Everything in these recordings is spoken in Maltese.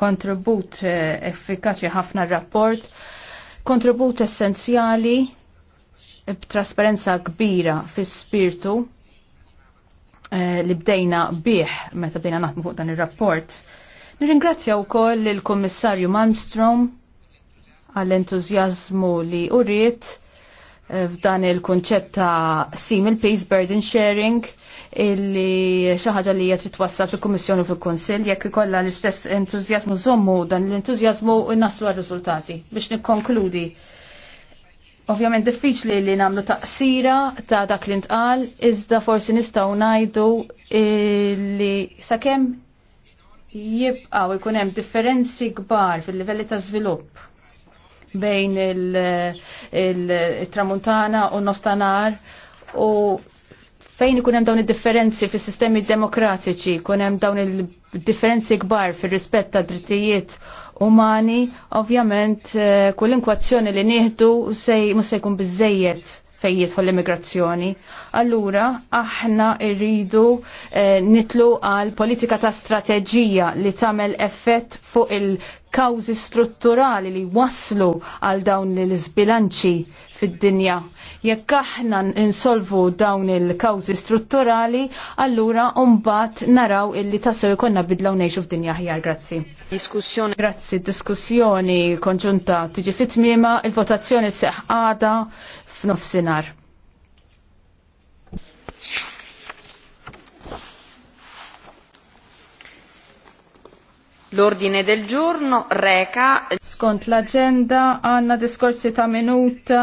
kontribut eh, effikaċi ħafna rapport, kontribut essenzjali eh, b'trasparenza kbira fis-spirtu eh, li bdejna bih meta bdejna naħdmu fuq dan ir-rapport. Nirringrazzja wkoll il-Kummissarju Malmstrom għall-entużjażmu li uriet f'dan il kunċett ta' sim burden sharing illi xi ħaġa li hija trid fil-Kummissjoni u fil-Kunsill jekk ikollha l-istess entużjażmu żommu dan l-entużjażmu naslu għal riżultati biex nikkonkludi. Ovvjament diffiċli li nagħmlu taqsira ta' dak li ntqal, iżda forsi nistgħu ngħidu li sakemm jibqgħu jkun hemm differenzi kbar fil-livelli ta' żvilupp bejn il-tramuntana il, il, il, u nostanar u fejn ikun hemm dawn id-differenzi fis-sistemi demokratiċi, ikun hemm dawn il-differenzi kbar fir-rispett ta' drittijiet umani, ovvjament eh, kull inkwazzjoni li nieħdu sej mhux se jkun biżejjed fejn jidħol l-immigrazzjoni. Allura aħna rridu eh, nitlu għal politika ta' strateġija li tagħmel effett fuq il- kawzi strutturali li waslu għal dawn l-izbilanċi fid-dinja. Jekk aħna insolvu dawn il-kawzi strutturali, allura umbat naraw illi tassu jkonna bidlaw nejxu f'dinja ħjar, grazzi. Diskussjoni. Grazzi, diskussjoni konġunta tiġi fit-tmiema, il-votazzjoni seħqada f'nofsinar. L-ordine del giorno reca. Skont l-agenda għanna diskorsi ta' minuta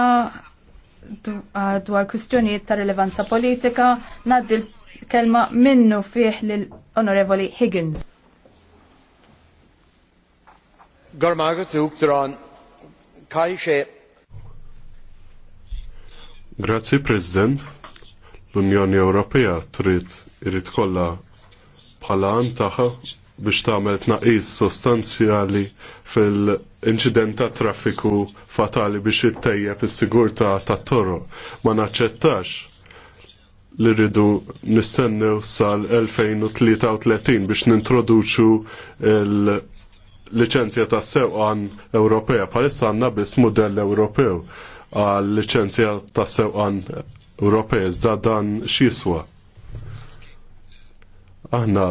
dwar kwistjonijiet ta' rilevanza politika naddi l-kelma minnu fih l-Onorevoli Higgins. Garmagat Grazzi President, l-Unjoni Ewropea trid irid kollha bħala antaħa biex tagħmel tnaqqis sostanzjali fil-inċident ta' traffiku fatali biex ittejjeb is-sigurtà tat-toro. Ma naċċettax li rridu nistennew sal-2033 biex nintroduċu il- licenzja ta' sewqan Ewropea, palissa għanna biss modell Ewropew għal licenzja ta' sewqan Ewropea, da dan xiswa. Aħna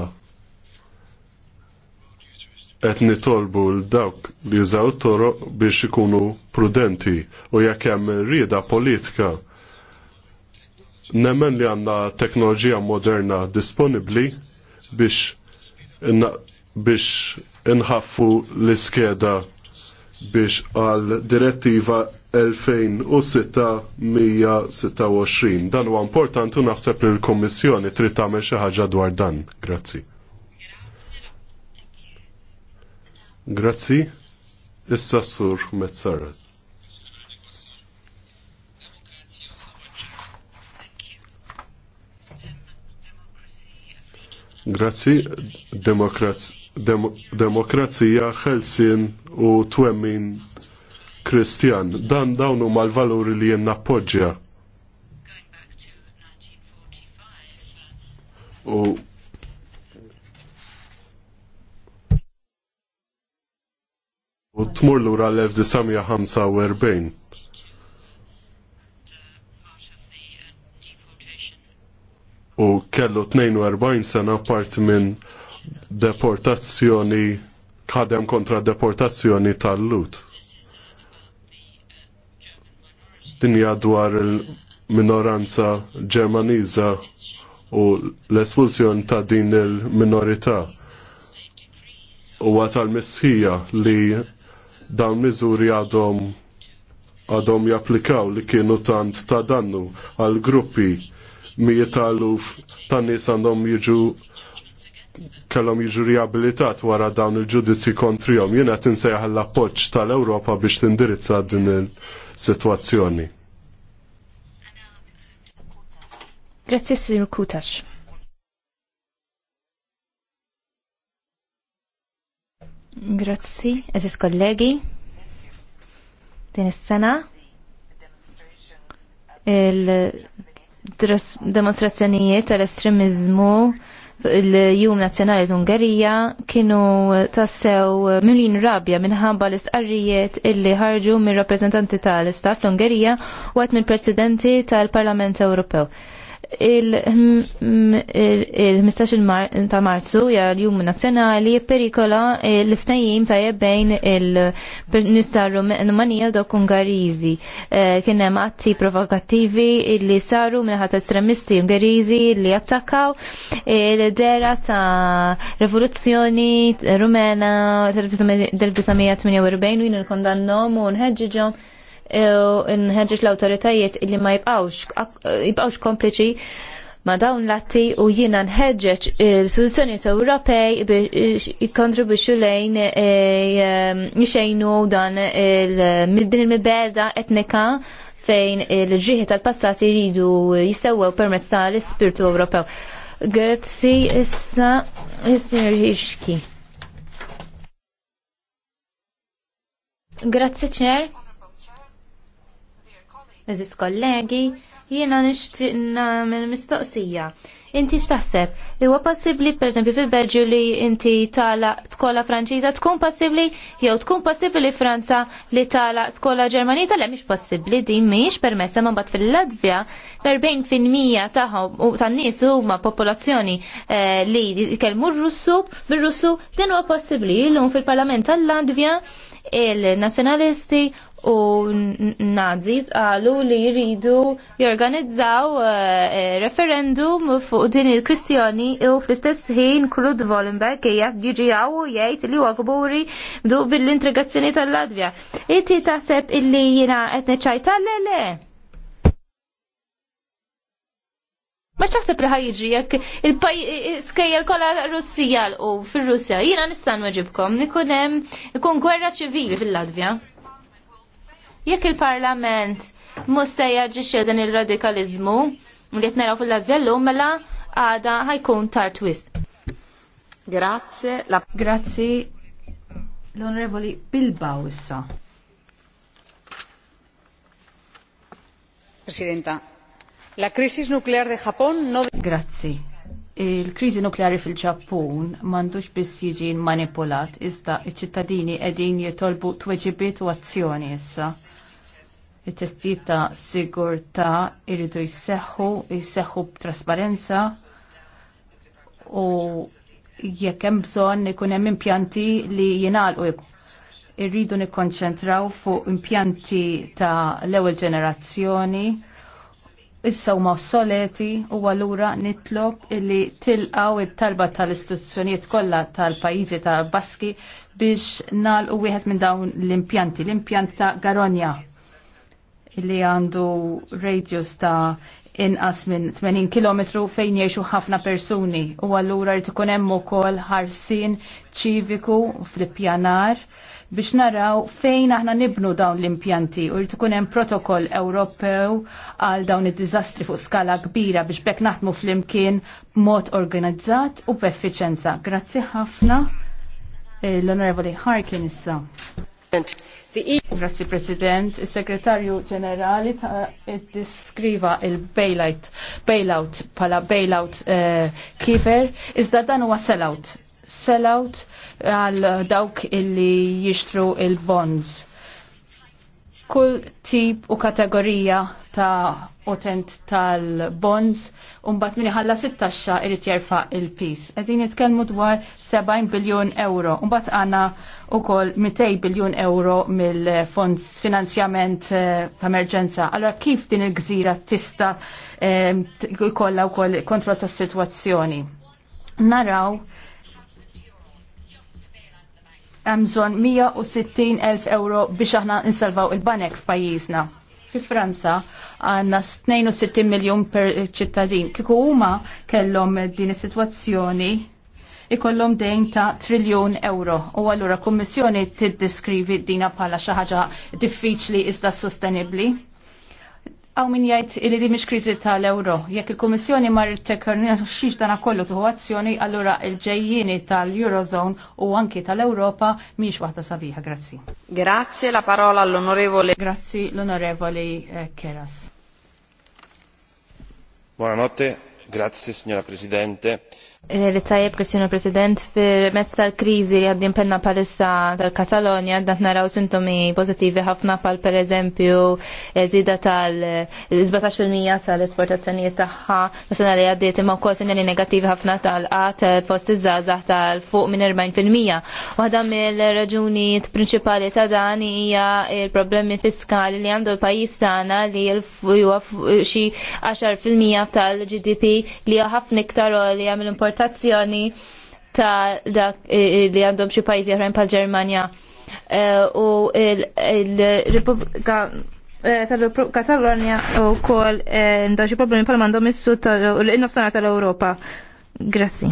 qed nitolbu l dawk li jużaw toro biex ikunu prudenti u jekk hemm rieda politika nemmen li għandna teknoloġija moderna disponibbli biex biex inħaffu l-iskeda biex għal direttiva 2006-126. Dan huwa importanti u naħseb li l kummissjoni trid tagħmel xi ħaġa dwar dan. Grazzi. Grazzi, issa sur Mezzaret. Grazzi, demokraz, dem, demokrazija, ħelsin u twemmin kristjan. Dan dawn huma l-valuri li jien nappoġġja. U u tmur lura l-1945. U kellu 42 sena part minn deportazzjoni, kadem kontra deportazzjoni tal-lut. Dinja dwar il-minoranza ġermaniza u l-espulsjon ta' din il-minorità u għatal missħija li dawn miżuri għadhom għadhom japplikaw li kienu tant ta' dannu għal gruppi mijiet aluf ta' nies għandhom jiġu kellhom jiġu riabilitat wara dawn il-ġudizzi kontrihom. Jiena qed insejjaħ l-appoġġ tal-Ewropa biex tindirizza din il-sitwazzjoni. Grazie, Sir Kutash. Grazzi, eżis kollegi. Din is-sena il-demonstrazzjonijiet tal-estremizmu l jum Nazzjonali l-Ungerija kienu tassew mimlin rabja minħabba l-istqarrijiet illi ħarġu mir rappreżentanti tal-Istat l-Ungerija u għat mill-Presidenti tal-Parlament Ewropew il-15 il ta' marzu ja l-jum nazjonali perikola l-iftajim ta' bejn il-nista Rumanija dok Ungarizi. Kien hemm atti provokattivi li saru minnaħat estremisti Ungarizi li attakkaw l-dera ta' rivoluzzjoni rumena 1948 u jien il-kondannom u nħedġiġom nħedġiġ l-autoritajiet illi ma jibqawx kompliċi ma dawn latti u jina nħedġeġ il-soluzzjoniet Ewropej biex jikontribuċu lejn e, e, jixejnu dan il-middin il mibelda etnika fejn il-ġiħi tal-passati jridu jistewew permezz tal-ispirtu Ewropew. Grazzi issa jisir Hixki. Grazzi ċer eżis kollegi, jiena nixtieq nagħmel mistoqsija. Inti x'taħseb? Huwa possibbli pereżempju fil-Belġju li inti tala skola Franċiża tkun possibbli jew tkun possibbli li Franza li tala skola Ġermaniża le mhix possibbli din mhijiex permessa ma mbagħad fil-Latvja berbejn fil-mija tagħhom u tan-nies huma popolazzjoni eh, li kellmu r-Russu bir-Russu din huwa possibbli llum fil-Parlament tal-Latvja il-nazjonalisti u nazis għalu li jridu jorganizzaw eh, eh, referendum fuq din il-kwistjoni u fl-istess ħin Krud Volenberg jgħak ġiġijaw u jgħid li huwa bdu bil-integrazzjoni tal-Latvja. Inti taħseb illi jina qed neċajta le le. Ma xtaħseb li ħajġi jekk il-skajjel kolla Russija u fil russija Jina nistan maġibkom, nikunem, ikun gwerra ċivili fil-Latvja. Jekk il-parlament mussejja ġiċe dan il-radikalizmu li jtnera fil-Latvja l-lum, mela għada ħajkun tar twist. Grazie. La... Grazie l-Onorevoli Bilbao issa. Presidenta, La crisis nuclear de Japón no... Grazzi. Il-krizi nukleari fil-ġappun mandux biss jiġi manipulat, iżda iċ-ċittadini edin jitolbu tweġibiet u azzjoni issa. Il-testijiet ta' sigurta irridu jisseħu, jisseħħu b'trasparenza u jekk hemm bżonn ikun hemm impjanti li jingħalqu irridu nikkonċentraw fuq impjanti ta' l-ewwel ġenerazzjoni issa huma soleti u allura nitlob illi tilqaw it-talba tal-istituzzjonijiet kollha tal-pajjiżi ta' Baski biex nalqu wieħed minn dawn l-impjanti, l-impjant ta' Garonja li għandu radius ta' inqas minn 80 km fejn jiexu ħafna persuni u allura jrid ikun hemm ukoll ħarsien ċiviku fl-ippjanar biex naraw fejn aħna nibnu dawn l-impjanti u jrid ikun hemm protokoll Ewropew għal dawn id-diżastri fuq skala kbira biex bekk naħdmu flimkien b'mod organizzat u b'effiċenza. Grazzi ħafna eh, l-Onorevoli Harkin issa. Grazzi President, il-Segretarju Ġenerali diskriva il-bailout bailout pala bailout eh, kifer, iżda dan huwa sellout sellout għal dawk illi jixtru il-bonds. Kull tip u kategorija ta' utent tal-bonds unbat minni ħalla 16 irrit jerfa il-pis. Għedin jitkelmu dwar 70 biljon euro. Unbat għana u kol 200 biljon euro mill-fond finanzjament eh, ta' emerġenza. Allora kif din il-gżira tista' eh, kolla u kol kontrol ta' situazzjoni? Naraw bżonn 160 elf euro biex aħna nsalvaw il-banek f'pajjiżna. Fi Franza għanna 62 miljon per ċittadin. Kiku huma kellhom din is-sitwazzjoni ikollhom dejn ta' triljun euro. U allura kummissjoni tiddiskrivi dina bħala xi ħaġa diffiċli iżda sostenibbli. Għaw min jgħid li di mhix kriżi tal-euro. Jekk il komissjoni mar il-tekornina xiex dana kollu tuħu azzjoni, allura il-ġejjini tal-Eurozone u anki tal-Europa miex waħda sabiħa. Grazzi. Grazie la parola all'onorevole. Grazzi l-onorevoli eh, Keras. Buonanotte, grazie signora Presidente. Eh, li tajjeb Kristjana President fir mezz tal-kriżi li għaddim penna palissa tal-Katalonja għaddat naraw sintomi pozittivi ħafna pal per eżempju eh, zida tal-17% eh, tal-esportazzjonijiet tagħha tas-sena li għaddiet imma wkoll sinjali negativi ħafna tal-qat post iż-żgħażagħ tal-fuq minn 40%. Waħda mill-raġunijiet prinċipali ta' dan hija il-problemi fiskali li għandu l-pajjiż tagħna li fuq xi 10% tal-GDP li hija ħafna iktar li għamil import l-esportazzjoni ta' dak eh, eh, li għandhom xi pajjiżi oħrajn bħal Ġermanja eh, u l-Repubblika tal-Katalonja u kol ndaw xi problemi bħal m'għandhom is-sud l-innofsana tal-Ewropa. Grazzi.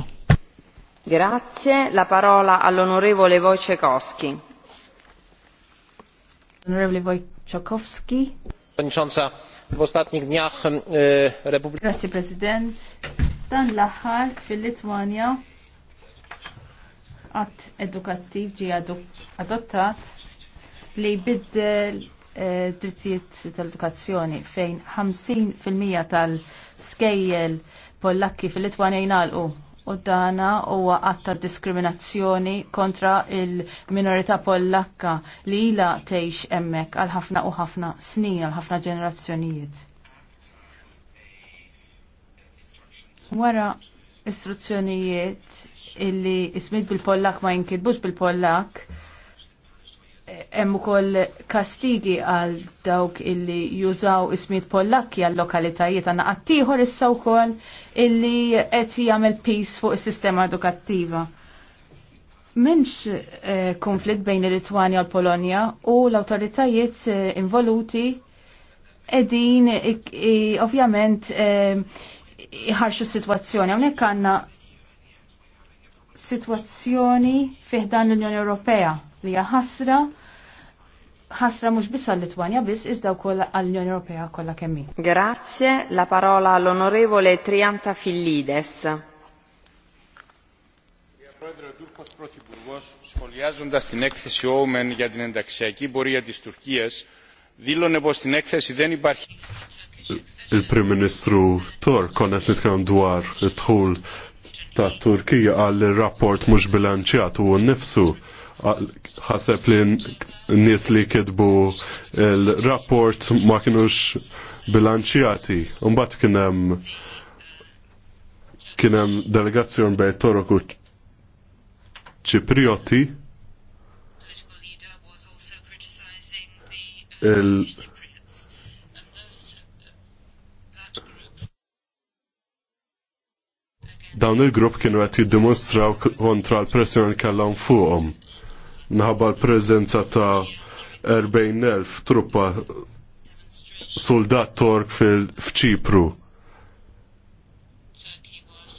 Grazie, la parola all'onorevole Wojciechowski. Onorevole Wojciechowski. Przewodnicząca, w ostatnich dniach e, Republika... Grazie, Prezydent Dan l-aħħar fil-Litwanja għat edukattiv ġi adottat li biddel eh, drittijiet tal-edukazzjoni fejn 50% tal-skejjel pollakki fil-Litwanja jingħalqu u dana huwa għatta diskriminazzjoni kontra il-minorità pollakka li ila tgħix hemmhekk għal ħafna u ħafna snin għal ħafna ġenerazzjonijiet. Wara istruzzjonijiet illi ismit bil-Pollak ma jinkidbux bil-Pollak, hemm ukoll kastigi għal dawk illi jużaw ismit Pollak għal lokalitajiet għandna qattieħor issa wkoll illi qed jagħmel peace fuq is-sistema edukattiva. M'hemmx eh, konflitt bejn il-Litwanja u l-Polonja u l-awtoritajiet eh, involuti qegħdin eh, ovvjament eh, iħarxu situazzjoni. Hawnhekk għandna situazzjoni fiħdan l-Unjoni Ewropea li hija ħasra mux mhux biss għall-Litwanja izda u wkoll għal unjoni Ewropea kolla kemmi. Grazie, la parola all'onorevole Trianta Fillides. Σχολιάζοντας την έκθεση Όμεν για την ενταξιακή πορεία της Τουρκίας, δήλωνε πως στην έκθεση δεν υπάρχει il-Prim Ministru Tor konet nitkellem dwar it-tħul ta' Turkija għal rapport mhux bilanċjat u nnifsu ħaseb li n-nies li kitbu il-rapport ma kienux bilanċjati. Imbagħad kien hemm kien hemm delegazzjon bejn Torok u Ċiprioti il dawn il-grupp kienu għet jiddimostraw kontra l-pressjoni kellhom fuqhom. Naħba l-preżenza ta' 40.000 truppa soldat tork fil fċipru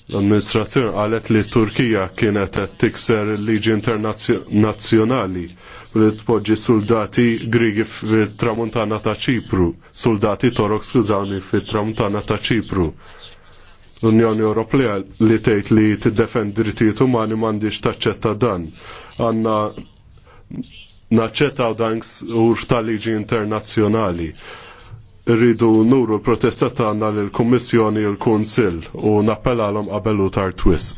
L-amministrazzjoni għalet li Turkija kienet qed tikser liġi internazzjonali u li tpoġġi soldati Grigi fit-tramuntana ta' Ċipru, soldati Torok skużawni fit-tramuntana ta' Ċipru l-Unjoni Ewropea li tgħid li tiddefend drittijiet umani m'għandix taċċetta dan. Għandna naċċettaw dan ur tal-liġi internazzjonali. Rridu nuru l-protesta tagħna lill kummissjoni u l-Kunsill u nappellalhom qabel u tar twis.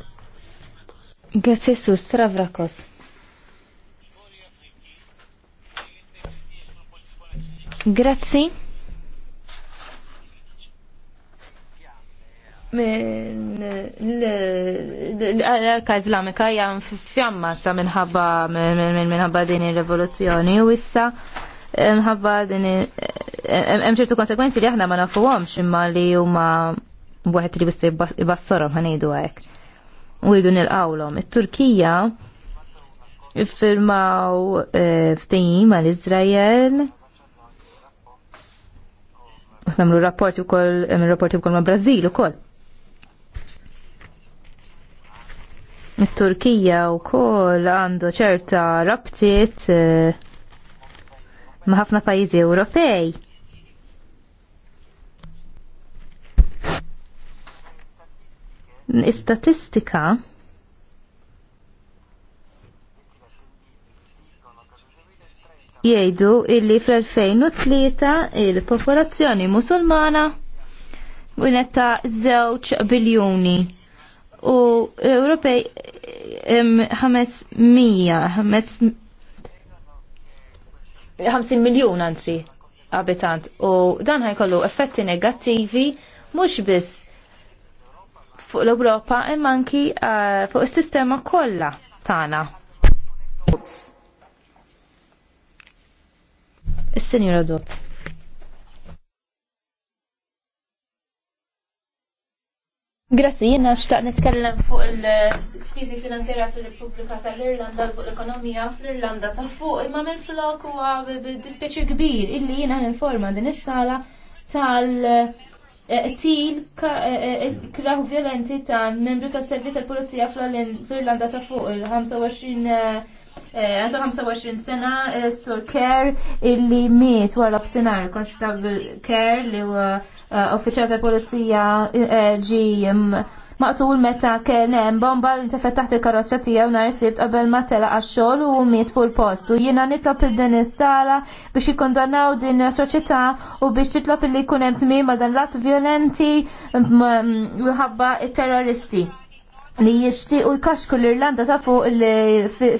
Grazie su Stravrakos. Grazzi. l-Alka Islamika hija fjamma sa minħabba minħabba din ir-rivoluzzjoni u issa eh, minħabba din eh, eh, hemm ċertu konsekwenzi li aħna ma nafuhomx imma li huma wieħed li jista' jbassorhom ħanejdu hekk. U jridu nilqawlhom. It-Turkija iffirmaw ftehim mal-Iżrael namlu rapporti u koll, rapporti u koll ma' Brazil u koll. Turkija u kol għandu ċerta rabtiet eh, ma' ħafna pajjiżi Ewropej. Istatistika jgħidu illi fl-2003 il-popolazzjoni musulmana winetta zewċ biljuni u Ewropej ħames 50 miljon għanzi abitant u dan ħajkollu effetti negattivi mhux biss fuq l-Ewropa imma anki eh, fuq is-sistema kollha tagħna. Is-Sinjura Dott. Grazzi, jena xtaq nitkellem fuq il-krizi finanzjera fil-Repubblika tal-Irlanda, fuq l-ekonomija fl-Irlanda, sa' fuq imma mill flok u dispeċi kbir illi jena informa din is-sala tal-til eh, eh, kraħu violenti ta' membru ta' servizz tal-Polizija fl-Irlanda ta' fuq il-25 eh, għandu 25 sena sur Kerr illi miet wara b'sinar, konstabil Kerr li huwa Eh, uffiċjal tal polizija eh, ġi mm, maqtul meta kien hemm bomba li tefet taħt il-karozza tiegħu nhar sibt qabel ma tela għax-xogħol u miet fuq il-post. U jiena nitlob il din is-sala biex jikkondannaw din is-soċjetà u biex titlob illi jkun hemm tmiem ma' dan l-att violenti mm, mm, minħabba terroristi li u jkaxku l-Irlanda ta' fuq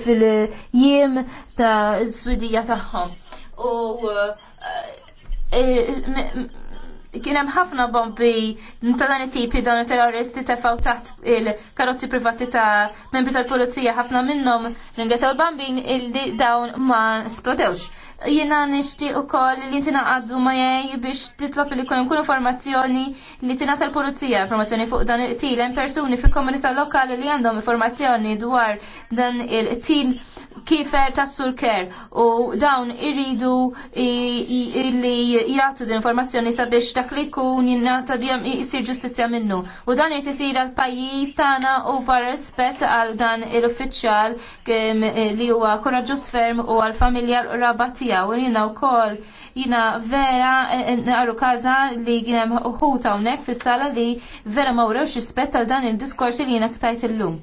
fil-jiem ta' Swidija tagħhom. U eh, kien hemm ħafna bombi ta' dan it-tipi dawn it-terroristi tefgħu taħt il-karozzi privati ta' membri tal-pulizija ħafna minnhom ringrazzjaw il-bambin il dawn ma splodewx. Jiena nixtieq ukoll li inti naqaddu ma jaj biex titlop li jkun kull informazzjoni li tina tal pulizija informazzjoni fuq dan il-qtil, hemm persuni fil-komunità lokali li għandhom informazzjoni dwar dan il-qtil kifer tas surker u dawn irridu li jgħatu din informazzjoni sabiex dak li ta' jinnata jisir ġustizzja minnu. U dan jisir għal-pajjiż tagħna u par rispett għal dan il-uffiċjal li huwa koraġġuż ferm u għal-familja l-rabatija jina u kol, jina vera għarru eh, eh, kaza li jina hemm uħut hawnhekk fis-sala li vera ma urewx rispett tal dan il-diskors li jina ktajt il illum.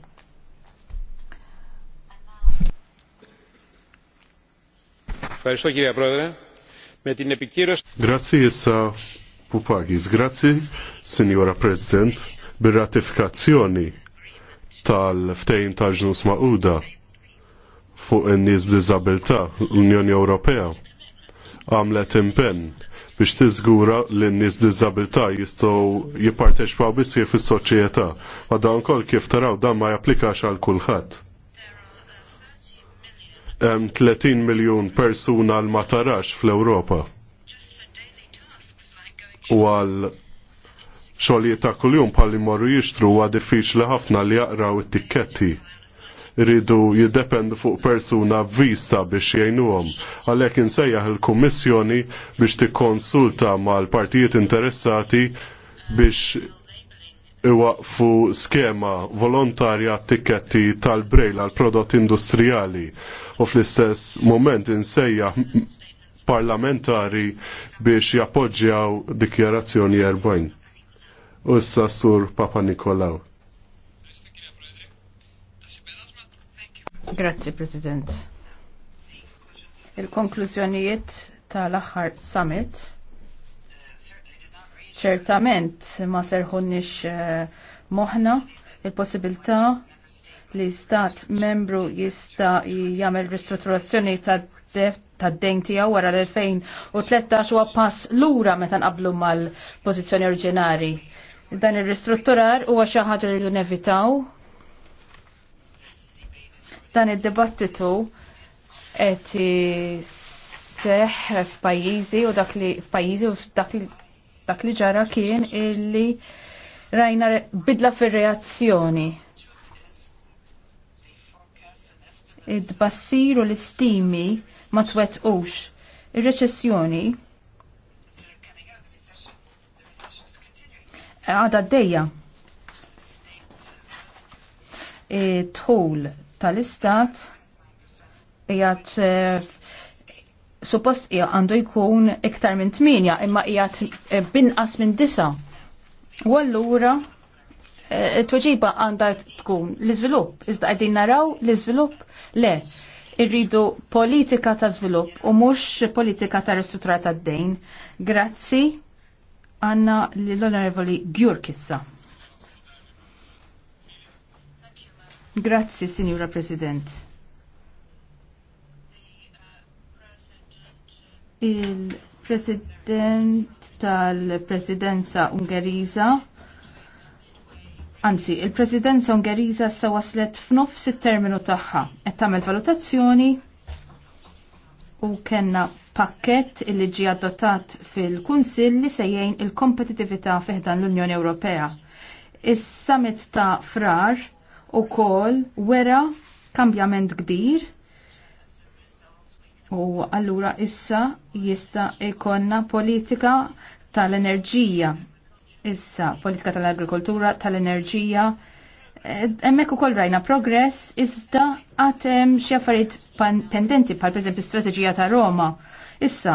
Grazzi jissa Pupagis, grazzi Signora President bil ratifikazzjoni tal-ftejn tal-ġnus ma' Mauda fuq in-nies b'diżabilità l-Unjoni Ewropea għamlet impenn biex tiżgura li n-nies b'diżabilità jistgħu jipparteċpaw bisir fis-soċjetà. Ma dan ukoll kif taraw dan ma japplikax għal kulħadd. Hemm 30 miljun persuna l ma tarax fl-Ewropa. U għal xogħlijiet ta' kuljum bħal morru jixtru huwa diffiċli ħafna li jaqraw it-tikketti rridu jiddependu fuq persuna vista biex jgħinuhom. Għalhekk insejjaħ il-Kummissjoni biex tikkonsulta mal-partijiet interessati biex iwaqfu skema volontarja tat-tiketti tal-brejl għal prodott industrijali u fl-istess moment insejjaħ parlamentari biex jappoġġjaw dikjarazzjoni 40. Ussa sur Papa Nikolaw. Grazzi, President. Il-konklużjonijiet tal-aħħar summit ċertament ma serħunniex eh, moħna il-possibilità li stat membru jista' jagħmel ristrutturazzjoni tad tad-dejn tiegħu wara l-2013 huwa pass lura meta nqablu mal-pożizzjoni oriġinari. Dan ir-ristrutturar huwa xi ħaġa li nevitaw Dan id-dibattitu qed seħ f'pajjiżi u dak li f'pajjiżi u dak li ġara kien illi rajna bidla fir-reazzjoni. Id-bassir u l-istimi ma twettqux. Ir-reċessjoni għada d-dejja. E, tħul tal-istat jgħat eh, suppost jgħat għandu jkun iktar minn 8 imma hija eh, binqas minn 9. U allura eh, t tweġiba għandha tkun l-iżvilupp, iżda għedin naraw l-iżvilupp le irridu politika ta' żvilupp u mhux politika ta' ristruttura tad-dejn. Grazzi għanna l-Onorevoli Bjurkissa. Grazzi, Signora President. Il-President tal-Presidenza Ungheriża Anzi, il-Presidenza Ungheriża sa waslet f'nofs it-terminu tagħha et tagħmel valutazzjoni u kenna pakket illi ġi adottat fil-Kunsill li sejjejn il-kompetitività fiħdan l-Unjoni Ewropea. Is-summit ta' frar u kol wera kambjament kbir u allura issa jista ikonna politika tal-enerġija issa politika tal-agrikoltura tal-enerġija Emmek u kol rajna progress, iżda għatem xaffariet pendenti, pal per strategija ta' Roma. Issa,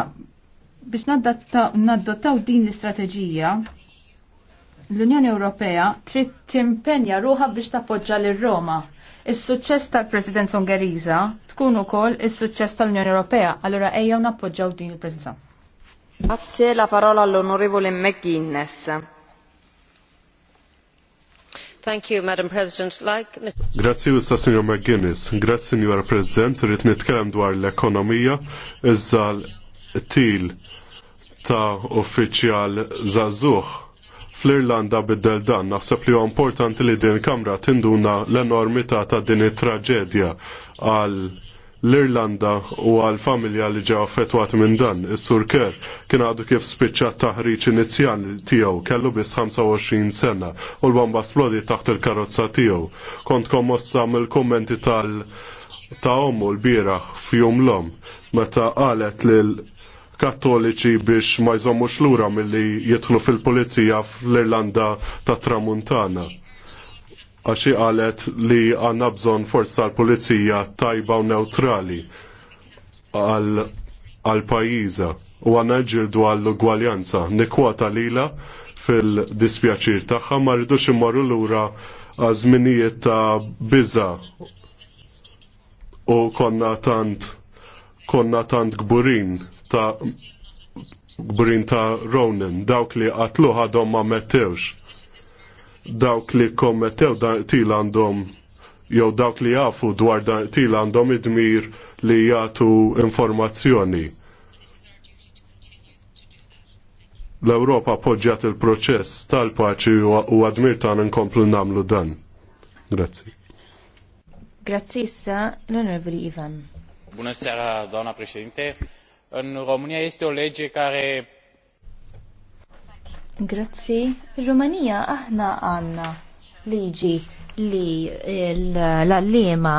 biex naddottaw din l-istrateġija, l-Unjoni Ewropea trid timpenja ruħa biex tappoġġa lil Roma. Is-suċċess tal-Presidenza Ungeriża tkun ukoll is-suċċess tal-Unjoni Ewropea, allura ejjew nappoġġaw din il-Presidenza. Grazie, la parola all'onorevole McGuinness. Thank you, Madam President. Like Mr. Grazie, Usta Signor McGuinness. Grazie, Signor President. Rit nitkellem dwar l-ekonomija, iżda til ta' uffiċjal zażuh fl-Irlanda biddel dan. Naħseb li huwa importanti li din kamra tinduna l-enormità ta' din it-traġedja għal l-Irlanda u għal-familja li ġew affettwati minn dan. Is-Sur Kerr kien għadu kif spiċċa taħriġ inizjali tiegħu kellu biss 25 sena u l-bomba splodi taħt il-karozza tiegħu. Kont kommossa mill-kummenti tal- ta' omu l-bira fjum l-om meta qalet li kattoliċi biex ma jżommux lura milli jidħlu fil-pulizija fl-Irlanda ta' Tramuntana. Għaxi qalet li għanna bżon forsa l-pulizija tajba u neutrali għal-pajiza u għanna ġirdu għall-ugwaljanza. Nikwata lila fil-dispjaċir taħħa ma rridux l lura għazminijiet ta' biza u konna tant konna tant gburin ta' gbrin ta' Ronin, dawk li għatlu għadhom ma' mettewx. Dawk li kommettew til għandhom jew dawk li jafu dwar til għandhom idmir li jagħtu informazzjoni. L-Ewropa poġġat il-proċess tal-paċi u għadmir tagħna nkomplu nagħmlu dan. Grazzi. Grazzi issa l-Onorevoli Ivan. Buonasera, donna Presidente în România este o lege care Grazie. In Romania aħna għanna liġi li l-allima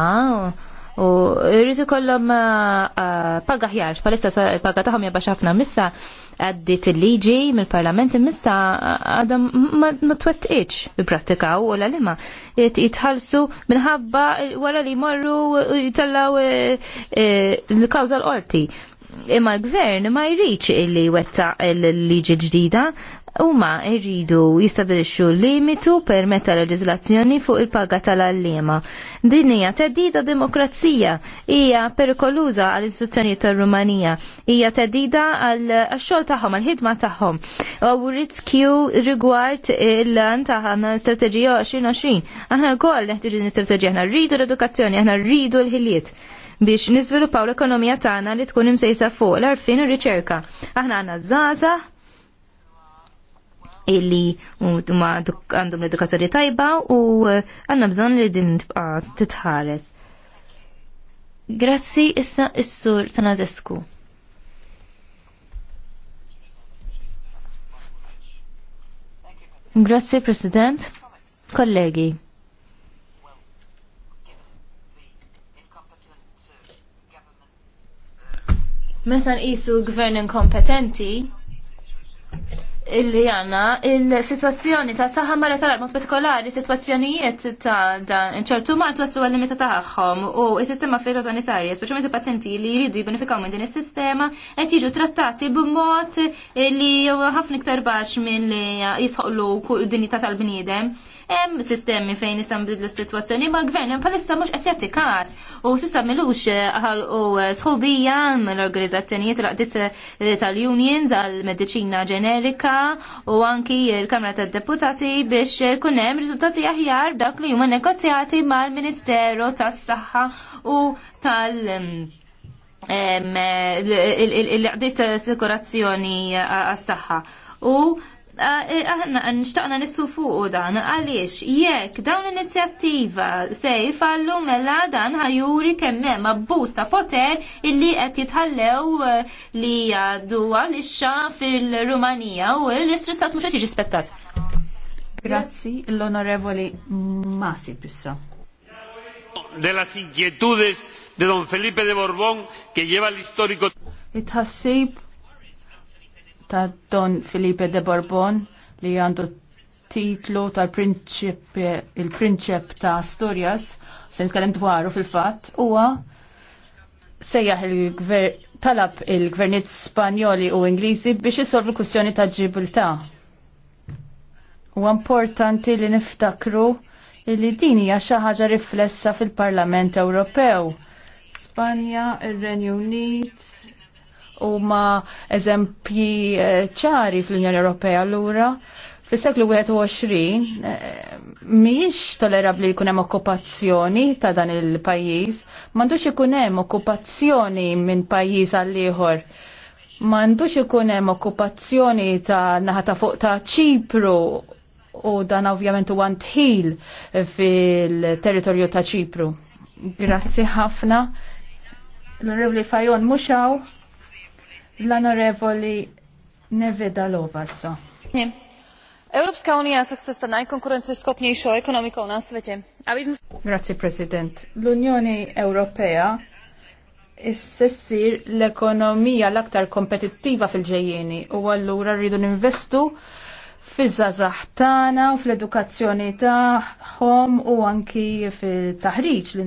u rritu kollom uh, uh, paga ħjarx, palista paga taħom jabba xafna missa għaddit il-liġi mill-parlament missa uh, għadam ma twettiċ bi pratika u l-allima jitħalsu minħabba wara li morru jitallaw l-kawza l-orti imma l-gvern ma jriċ illi wetta l-liġi ġdida Uma jridu jistabilixxu limitu per meta leġiżlazzjoni fuq il-paga tal-allima. Din hija teddida demokrazija, hija perikoluża għall istituzzjonijiet tar-Rumanija, hija teddida għal xogħol tagħhom, għal ħidma tagħhom. U riskju rigward il-lan taħna strateġija 2020. Aħna l-koll neħtieġu strateġija, aħna rridu l-edukazzjoni, aħna rridu l-ħiliet biex nizviluppaw l-ekonomija tagħna li tkun imsejsa fuq l-arfin u riċerka. Aħna għandna żaza illi għandhom l-edukazzjoni tajba u eh, għandna bżonn li din tibqa' titħares. Grazzi issa is-sur Tanazesku. Grazzi President, kollegi. Meta nqisu gvern inkompetenti, illi għanna il-situazzjoni ta' saħħa mara tal ma' partikolari situazzjonijiet ta' dan ċertu ma' tuassu għal-limita taħħom u il-sistema fito sanitarja, speċjalment il-pazjenti li jridu jibbenefikaw minn din is-sistema qed jiġu trattati b'mod li ħafna iktar baxx minn li jisħoqlu dinjità tal-bniedem hemm sistemi fejn isambidlu s-sitwazzjoni ma' gvern hemm palissa mhux qed jagħti każ u s'issa milux ħalqu u sħubija mill-organizzazzjonijiet laqdiet tal-unions għall-mediċina ġenerika u anki l-Kamra tad-Deputati biex kun hemm riżultati aħjar dak li huma negozjati mal-Ministeru tas-Saħħa u tal- l-għadiet assikurazzjoni għas-saħħa. U Eh, eh, aħna nishtaqna nissu fuq dan għaliex jekk dawn l-inizjattiva se jifallu mela dan ħajuri kemm hemm abbuż ta' poter illi qed jitħallew eh, li jgħaddu għalixxa fil-Rumanija u l-istristat mhux qed jiġi spettat. Grazzi l-Onorevoli Masi bissa. De las inquietudes de don Felipe de Borbón que lleva el histórico. Itħassib ta' Don Felipe de Borbon li għandu titlu tal il-prinċep ta' Asturias, se nitkellem dwaru fil-fatt, huwa sejjaħ il-gvern talab il-gvernit Spanjoli u Ingliżi biex isolvu kwistjoni ta' ġibilta. U importanti li niftakru li din hija xi ħaġa riflessa fil-Parlament Ewropew. Spanja, ir-Renju Unit, huma eżempji eh, ċari fl-Unjoni Ewropea l-ura. fis-seklu 21 eh, mhijiex tolerabbli jkun hemm okkupazzjoni ta' dan il-pajjiż, m'għandux ikun hemm okkupazzjoni minn pajjiż għal ieħor. M'għandux ikun hemm okkupazzjoni ta' naħa ta' fuq ta' Ċipru u dan ovvjament huwa ntħil fil-territorju ta' Ċipru. Grazzi ħafna. L-Onorevoli Fajon mhux hawn l-Onorevoli Neveda Lovasa. Europska unija se chce stát najkonkurenceschopnějšou ekonomikou na světě. Grazie, President. L-Unjoni Ewropea issessir l-ekonomija l-aktar kompetittiva fil-ġejjeni u għallura rridu ninvestu fiż-żazax tagħna u fl-edukazzjoni tagħhom u anki fil-taħriġ l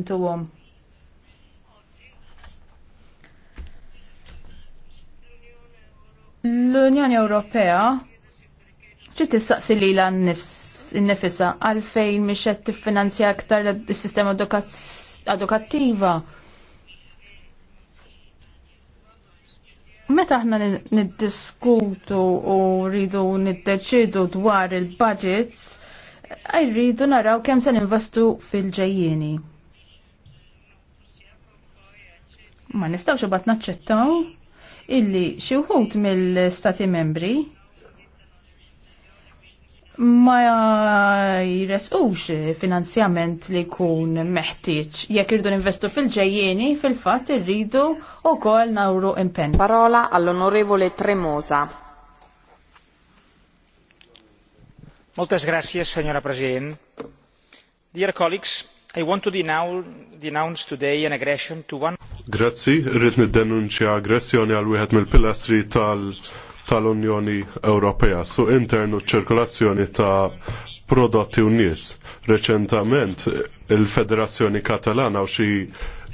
L-Unjoni Ewropea ġiet tissaqsi lilha nnifisha għalfejn mhix qed tiffinanzja aktar is-sistema edukattiva. Meta aħna niddiskutu u rridu niddeċidu dwar il-budgets, eh, rridu naraw kemm se ninvestu fil-ġejjieni. Ma nistgħux imbagħad naċċettaw illi xi wħud mill-Stati membri ma jresqux finanzjament li jkun meħtieġ. Jekk irdu investu fil-ġejjieni, fil-fatt irridu wkoll nawru impenn. Parola all'onorevole Tremosa. Moltes gracias, signora Presidente. Dear colleagues, I want to denounce today an aggression to one Grazzi, rrid niddenunċja aggressjoni għal wieħed mill-pilastri tal-Unjoni tal Ewropea su internu ċirkolazzjoni ta' prodotti u nies. Reċentament il-Federazzjoni Katalana u xi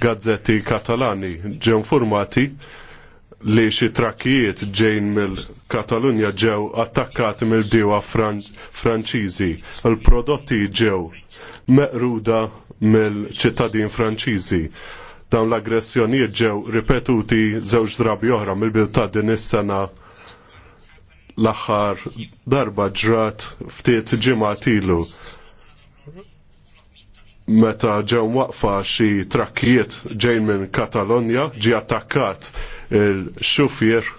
gazzetti Katalani ġew formati li xi trakkijiet ġejn mill-Katalunja ġew attakkati mill-bdiewa Franċiżi. Il-prodotti ġew meqruda mill-ċittadin Franċiżi. Dawn l-aggressjonijiet ġew ripetuti żewġ drabi oħra mill-bidu ta' din is-sena l-aħħar darba ġrat ftit ġimgħat ilu meta ġew waqfa xi trakkijiet ġejn minn Katalonja ġie attakkat il-xufier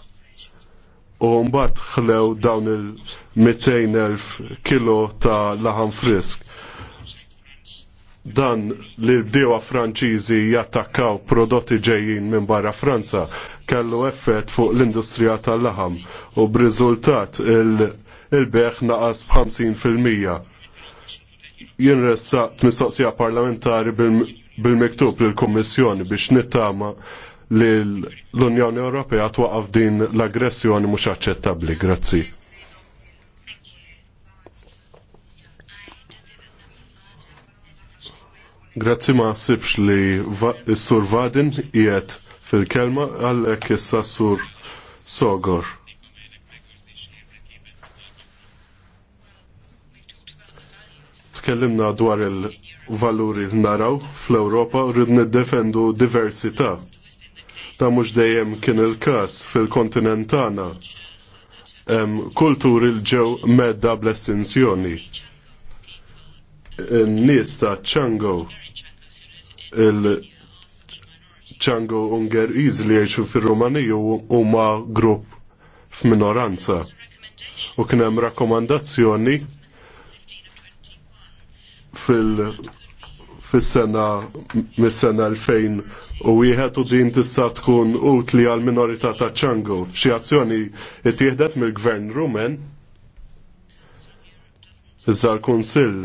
u mbagħad ħlew dawn il-200,000 kilo ta' laħan frisk dan li bdewa Franċiżi jattakkaw prodotti ġejjin minn barra Franza kellu effett fuq l-industrija tal-laħam u b'riżultat il-beħ il naqas b'50%. Jien ressaqt mistoqsija parlamentari bil-miktub bil lill-Kummissjoni biex nittama li l-Unjoni Ewropea twaqaf din l-aggressjoni mhux aċċettabbli. Grazzi. Grazzi ma sibx li s-sur Vadin jiet fil-kelma għallek issa s-sur Sogor. Tkellimna dwar il-valuri naraw fl-Europa u rridni niddefendu diversità. Ta' mhux dejjem kien il-każ fil-kontinentana. Kulturi l-ġew medda bl-estinzjoni. Nista nies il-ċango Unger li jgħixu fir u huma grupp f'minoranza. U kien hemm rakkomandazzjoni fil fis-sena mis-sena 2000 u wieħed u din tista' tkun utli għal minorità ta' ċango. Xi azzjoni ttieħdet mill-Gvern Rumen iżda l-Kunsill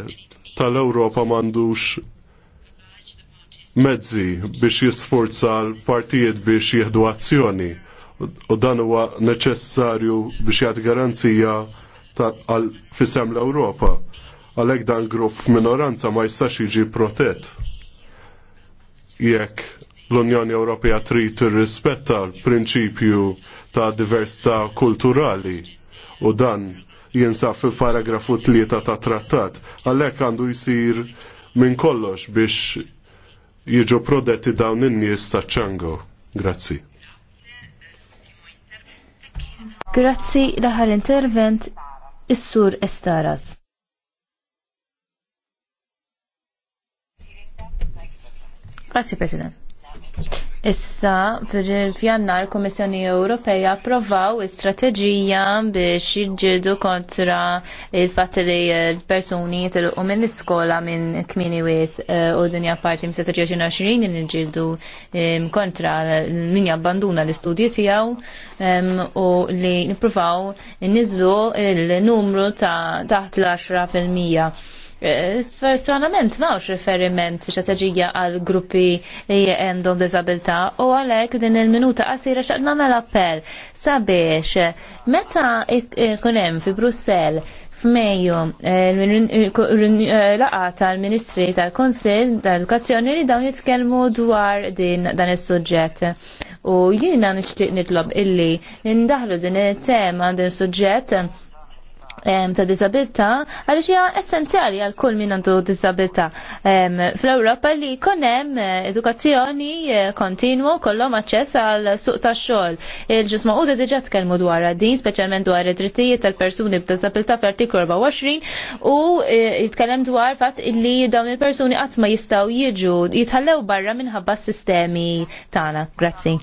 tal-Ewropa m'għandux mezzi biex jisforza l-partijiet biex jieħdu azzjoni u dan huwa neċessarju biex jagħti garanzija għal fisem l-Ewropa. Għalhekk dan grupp minoranza ma jistax jiġi protett. Jekk l-Unjoni Ewropea trid tirrispetta l-prinċipju ta' diversità kulturali u dan jinsaf fil-paragrafu tlieta ta' trattat. Għalhekk għandu jsir minn kollox biex jiġu prodetti dawn in-nies ta' ċango. Grazzi. Grazzi daħal intervent is-sur Estaras. Grazzi President. Issa, fil-fjannar, Komissjoni Ewropeja approvaw istrateġija biex jġidu kontra il-fat li l-personi jitilqu minn iskola minn kmini wis eh, u dinja parti minn li nġidu ehm, kontra minn jabbanduna l-istudji tijaw ehm, u li nipruvaw nizlu l-numru ta' taħt l-10%. Stranament mawx riferiment biex strategija għal gruppi li għandhom disabilità u għalek din il-minuta qasira xaqt nagħmel appell sabiex meta ikun hemm fi Brussell f'Mejju eh, eh, laqa tal-Ministri tal-Konsil tal-Edukazzjoni li dawn jitkellmu dwar din dan is-suġġett. U jiena nixtieq nitlob illi Indaħlu din it-tema din is-suġġett ta' disabilità għaliex hija essenzjali għal kull min għandu Um, fl-Ewropa li konem eh, edukazzjoni eh, kontinwu kollom aċċess għal suq tax-xogħol. Il-ġisma u diġà tkellmu dwar din, speċjalment dwar id-drittijiet tal-persuni b'disabilta fl-artiklu 24 u eh, jitkellem dwar fatt li dawn il-persuni qatt ma jistgħu jiġu jitħallew barra minħabba s-sistemi tagħna. Grazzi.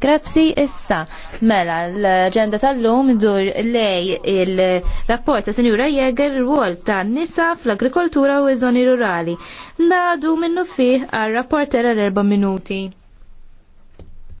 Grazzi issa. Mela, l-agenda tal-lum dur lej il-rapport ta' Senjura Jäger wol ta' nisa fl-agrikoltura u iż-żoni rurali. Nadu minnu fih għal-rapport tal erba' minuti.